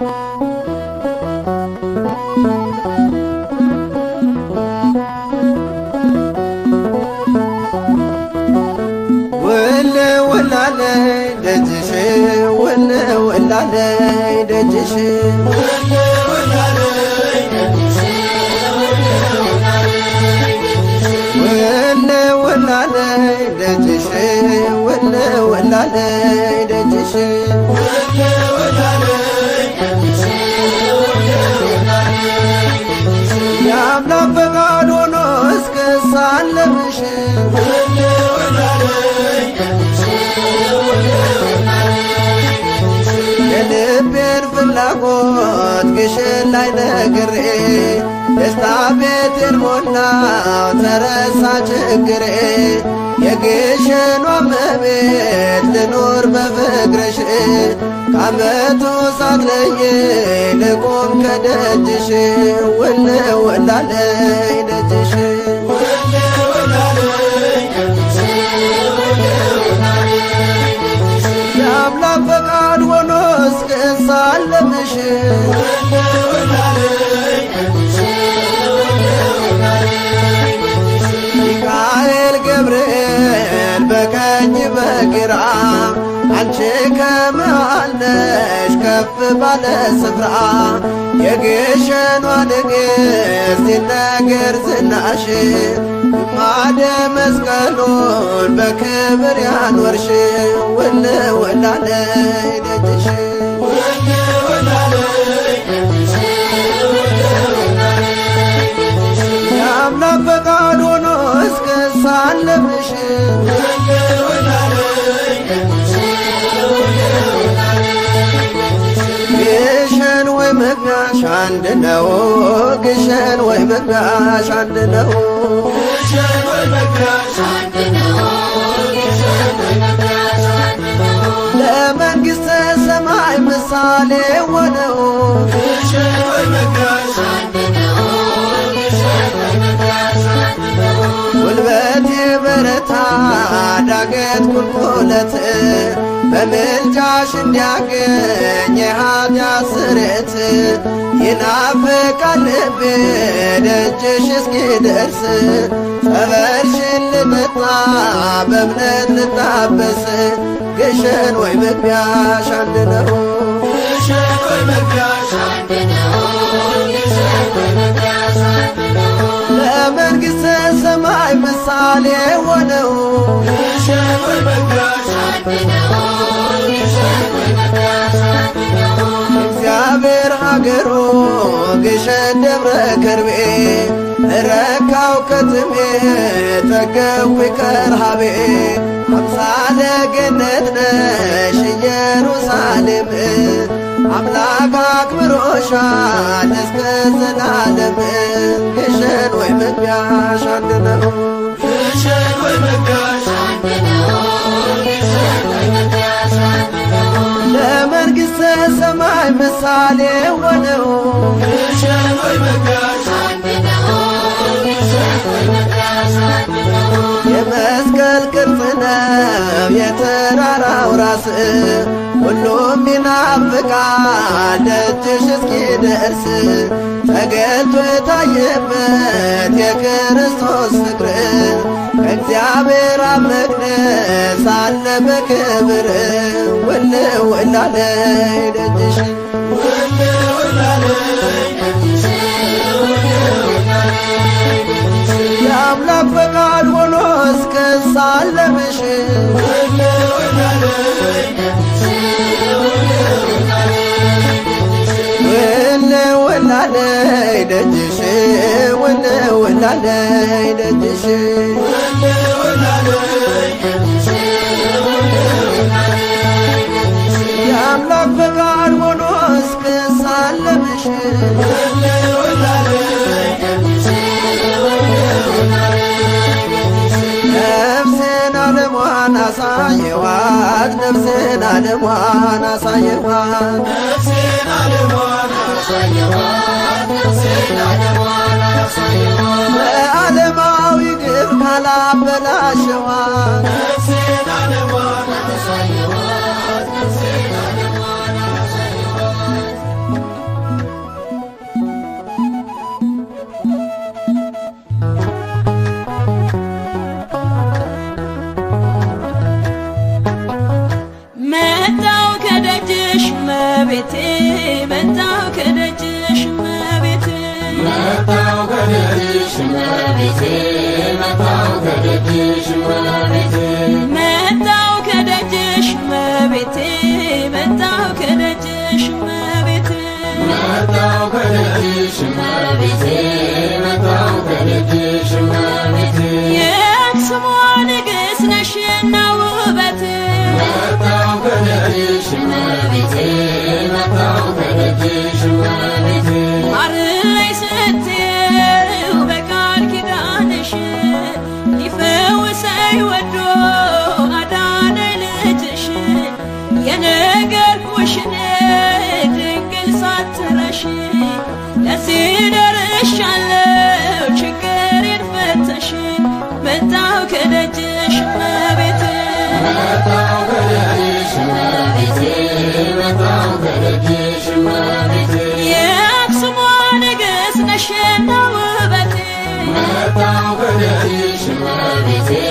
ወላለይ ደጅሽ ወለ ወላለይ ደጅሽ ወለ ወላለይ ደጅሽ ነግሬ ደስታ ቤቴን ሞላው ተረሳ ችግሬ የግሽኗ እመቤት ልኖር በፍቅርሽ ከአመቱ ሳትለይ ልቆም ከደጅሽ ውል ውል ደጅሽ የአምላክ ፈቃድ ሆኖ እስክሳለምሽ ከፍ ባለ ስፍራ የግሸኗ ንግሥት ሲነገር ዝናሽ ማደ መስቀሉን በክብር ያኖርሽ ውልውላነ ደጅሽ መግቢያሽ አንድ ነው ግሸን ወይ መግቢያሽ አንድ ነው ለመንግሥተ ሰማይ ምሳሌ ሆነው ጉልበቴ በረታ ዳገት ቁልቁለት በምልጃሽ እንዲያገኝ የኃጢአት ስርየት ይናፍቃል ልቤ ደጅሽ እስኪደርስ ጸበልሽን ልጠጣ በእምነት ልታበስ ግሸን ወይ መግቢያሽ አንድ ነው ግሸን ወይ መግቢያሽ አንድ ነው ምሳሌ ሆነው እግዚአብሔር ሀገሩ ግሸን ደብረ ከርቤ ረካው ከትሜ ጠገዊ ከርሃቤ አምሳለ ገነት ነሽ ኢየሩሳሌም አምላክ አክብሮሻል እስከ ዘላለም ፍቅር ወይ መጋሽ አንድ ነው። ለመንግሥተ ሰማይ ምሳሌ ሆነው ፍቅር ወይ መጋሽ ነው የተራራው ራስ ሁሉም ይናፍቃል ደጅሽ እስኪደርስ ተገልጦ የታየበት የክርስቶስ ፍቅር ከእግዚአብሔር አብ መቅደስ አለ በክብር ውልው እላለይ ደጅሽ የአምላክ እስክሳ አለምሽ ውንውናለይ ደጅሽ ውንውናለይ ደጅሽ አባት ነፍስን አለሟን አሳየኋት በዓለማዊ ግብ ካላበላሸዋት ተደጅሽ እመቤቴ መጣው ከደጅሽ እመቤቴ መጣው ከደጅሽ እመቤቴ መጣው ከደጅሽ እመቤቴ መጣው ከደጅሽ እመቤቴ መጣው ከደጅሽ እመቤቴ የአክሱም ንግሥት ነሽና ውበቴ መጣው ከደጅሽ እመቤቴ መጣው ከደጅሽ እመቤቴ መጣው ከደጅሽ መቤቴ መጣው ከደጅሽ መቤቴ መጣው ከደጅሽ መቤቴ የአክሱም ንግሥት ነሽና ውበቴ መጣው ከደጅሽ መቤቴ